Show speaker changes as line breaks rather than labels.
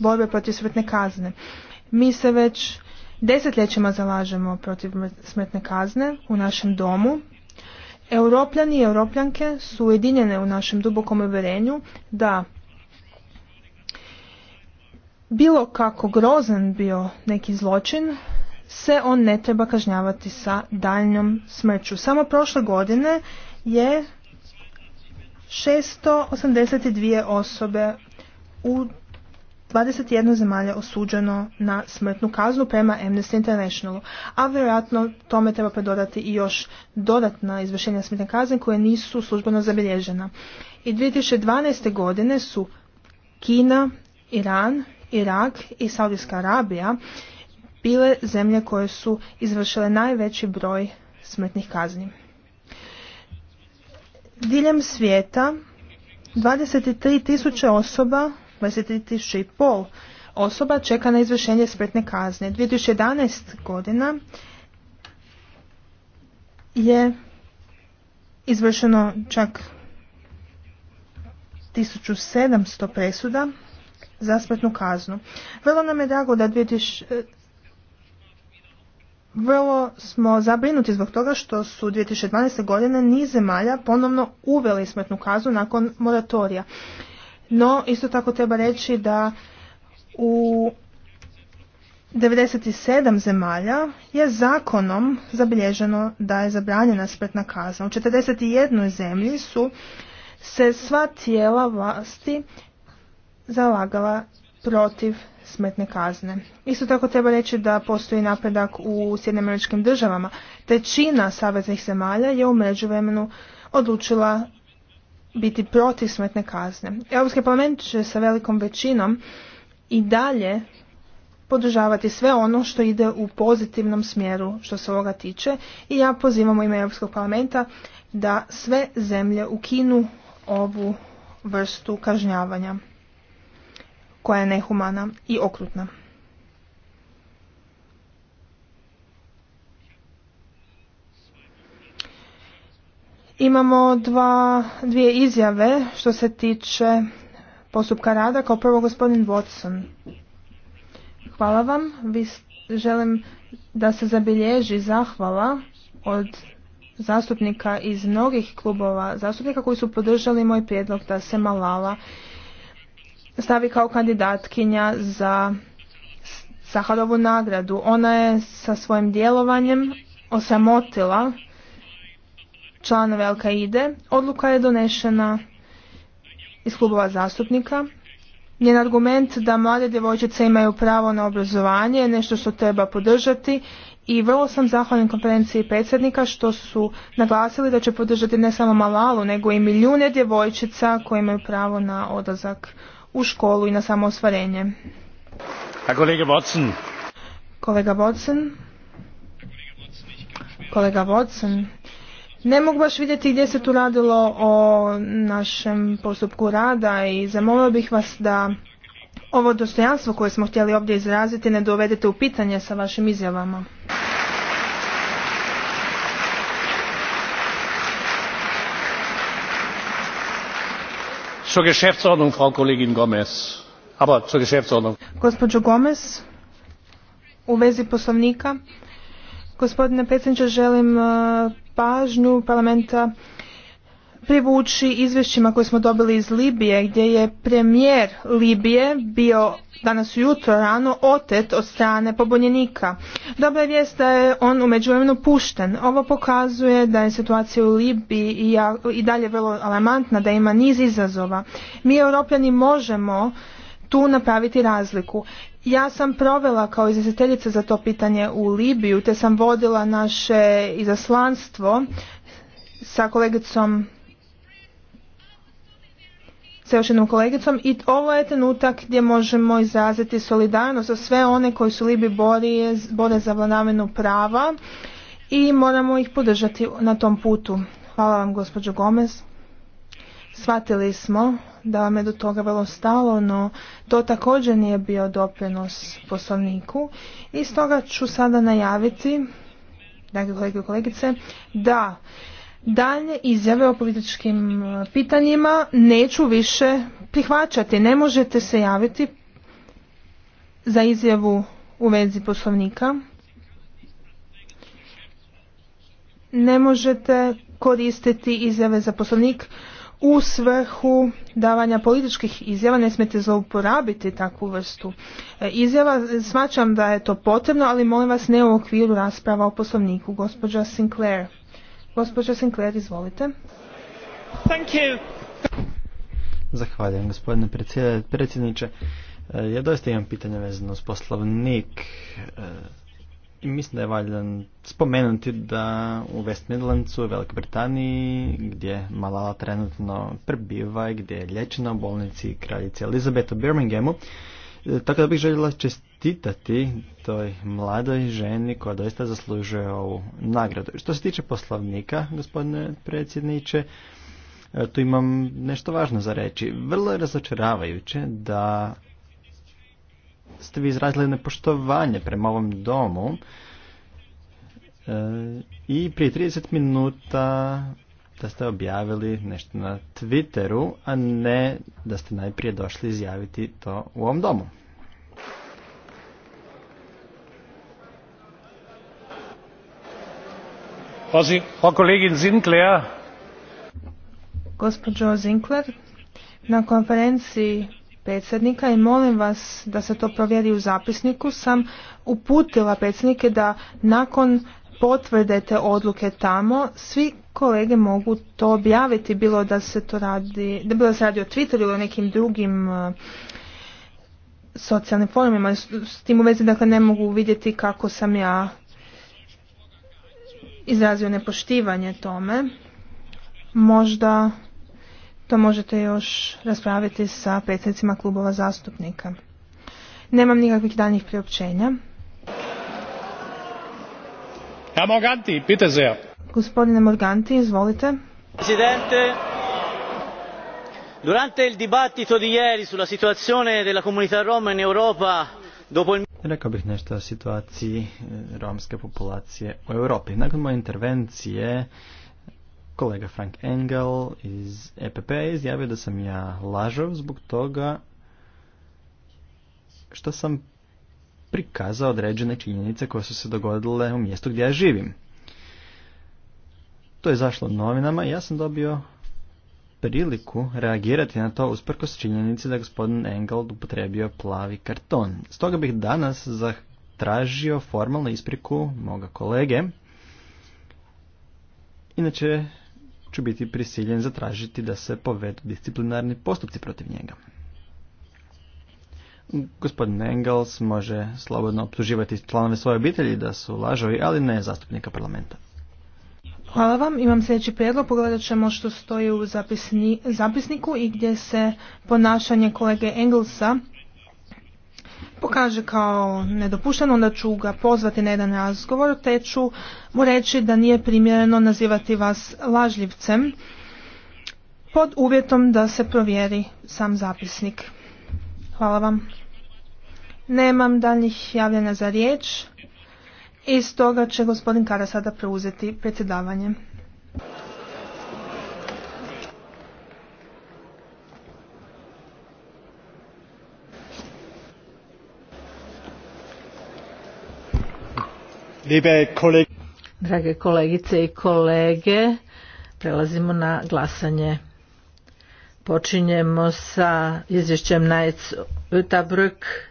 borbe protiv smrtne kazne. Mi se već desetljećima zalažemo protiv smrtne kazne u našem domu. Europljani i europljanke su ujedinjene u našem dubokom uvjerenju da bilo kako grozan bio neki zločin, se on ne treba kažnjavati sa daljnjom smrću. Samo prošle godine je 682 osobe u 21 zemalja osuđeno na smrtnu kaznu prema Amnesty Internationalu, a vjerojatno tome treba predodati i još dodatna izvršenja smrtne kazne koje nisu službeno zabilježena. I 2012. godine su Kina, Iran, Irak i Saudijska Arabija bile zemlje koje su izvršile najveći broj smrtnih kazni. Diljem svijeta 23 tisuće osoba 23.500 osoba čeka na izvršenje smrtne kazne. 2011. godina je izvršeno čak 1700 presuda za smrtnu kaznu. Vrlo nam je drago da vrlo smo zabrinuti zbog toga što su 2012. godine niz zemalja ponovno uveli smrtnu kaznu nakon moratorija. No, isto tako treba reći da u 97 zemalja je zakonom zabilježeno da je zabranjena smrtna kazna. U 41 zemlji su se sva tijela vlasti zalagala protiv smrtne kazne. Isto tako treba reći da postoji napredak u Sjednim državama. Trećina saveznih zemalja je u međuvremenu odlučila biti protiv smrtne kazne. Europski parlament će sa velikom većinom i dalje podržavati sve ono što ide u pozitivnom smjeru što se ovoga tiče i ja pozivam u ime Europskog parlamenta da sve zemlje ukinu ovu vrstu kažnjavanja koja je nehumana i okrutna. Imamo dva, dvije izjave što se tiče postupka rada. Kao prvo gospodin Watson. Hvala vam. Vi želim da se zabilježi zahvala od zastupnika iz mnogih klubova zastupnika koji su podržali moj prijedlog da se Malala stavi kao kandidatkinja za Saharovu nagradu. Ona je sa svojim djelovanjem osamotila članove al Ide. odluka je donešena iz klubova zastupnika. Njen argument da mlade djevojčice imaju pravo na obrazovanje je nešto što treba podržati i vrlo sam zahvalan konferenciji predsjednika što su naglasili da će podržati ne samo Malalu nego i milijune djevojčica koje imaju pravo na odlazak u školu i na samoostvarenje. Kolega Watson. Kolega Watson. Kolega Watson, ne mogu baš vidjeti gdje se tu radilo o našem postupku rada i zamolio bih vas da ovo dostojanstvo koje smo htjeli ovdje izraziti ne dovedete u pitanje sa vašim izjavama.
Zur Gomez.
Gospođo Gomez, u vezi poslovnika, gospodine predsjedniče, želim eh, pažnju parlamenta privući izvješćima koje smo dobili iz Libije gdje je premijer Libije bio danas ujutro rano otet od strane pobunjenika. Dobra je vijest da je on u međuvremenu pušten. Ovo pokazuje da je situacija u Libiji i, dalje vrlo alarmantna, da ima niz izazova. Mi europljani možemo tu napraviti razliku. Ja sam provela kao izvjestiteljica za to pitanje u Libiju, te sam vodila naše izaslanstvo sa kolegicom sa još jednom kolegicom i ovo je trenutak gdje možemo izraziti solidarnost za sve one koji su Libi Libiji bore za vladavinu prava i moramo ih podržati na tom putu. Hvala vam gospođo Gomez. Shvatili smo da vam je do toga vrlo stalo, no to također nije bio doprinos poslovniku i stoga ću sada najaviti, dragi kolege i kolegice, da dalje izjave o političkim e, pitanjima neću više prihvaćati. Ne možete se javiti za izjavu u vezi poslovnika. Ne možete koristiti izjave za poslovnik u svrhu davanja političkih izjava ne smijete zlouporabiti takvu vrstu e, izjava. Smačam da je to potrebno, ali molim vas ne u okviru rasprava o poslovniku. Gospođa Sinclair. Gospođa Sinclair, izvolite. Thank you.
Zahvaljujem gospodine predsjedniče. E, ja doista imam pitanje vezano s poslovnik e, i mislim da je valjan spomenuti da u West Midlandsu, u Velikoj Britaniji, gdje Malala trenutno prebiva i gdje je lječena u bolnici kraljice Elizabeth u Birminghamu, e, tako da bih željela čestitati toj mladoj ženi koja doista zaslužuje ovu nagradu. Što se tiče poslovnika, gospodine predsjedniče, e, tu imam nešto važno za reći. Vrlo je razočaravajuće da ste vi izrazili nepoštovanje prema ovom domu e, i prije 30 minuta da ste objavili nešto na Twitteru, a ne da ste najprije došli izjaviti to u ovom domu.
Gospođo Zinkler, na konferenciji predsjednika i molim vas da se to provjeri u zapisniku. Sam uputila predsjednike da nakon potvrde te odluke tamo, svi kolege mogu to objaviti, bilo da se to radi, da bilo da se radi o Twitteru ili o nekim drugim uh, socijalnim forumima. S tim u vezi dakle ne mogu vidjeti kako sam ja izrazio nepoštivanje tome. Možda to možete još raspraviti sa predsjednicima klubova zastupnika. Nemam nikakvih daljnjih priopćenja. Herr Morganti, bitte sehr. Gospodine Morganti, izvolite.
Presidente, durante il dibattito di ieri sulla situazione della comunità Roma in Europa dopo il Rekao bih nešto o situaciji eh, romske populacije u Europi. Nakon moje intervencije kolega Frank Engel iz EPP izjavio da sam ja lažov zbog toga što sam prikazao određene činjenice koje su se dogodile u mjestu gdje ja živim. To je zašlo novinama i ja sam dobio priliku reagirati na to usprkos činjenici da gospodin Engel upotrebio plavi karton. Stoga bih danas zatražio formalnu ispriku moga kolege. Inače, ću biti prisiljen zatražiti da se povedu disciplinarni postupci protiv njega. Gospodin Engels može slobodno optuživati članove svoje obitelji da su lažovi, ali ne zastupnika parlamenta.
Hvala vam. Imam sljedeći prijedlog. Pogledat ćemo što stoji u zapisniku i gdje se ponašanje kolege Engelsa pokaže kao nedopušteno, onda ću ga pozvati na jedan razgovor, te ću mu reći da nije primjereno nazivati vas lažljivcem pod uvjetom da se provjeri sam zapisnik. Hvala vam. Nemam daljih javljanja za riječ i stoga će gospodin Kara sada preuzeti predsjedavanje. Drage kolegice i kolege, prelazimo na glasanje. Počinjemo sa izvješćem Najec Utabruk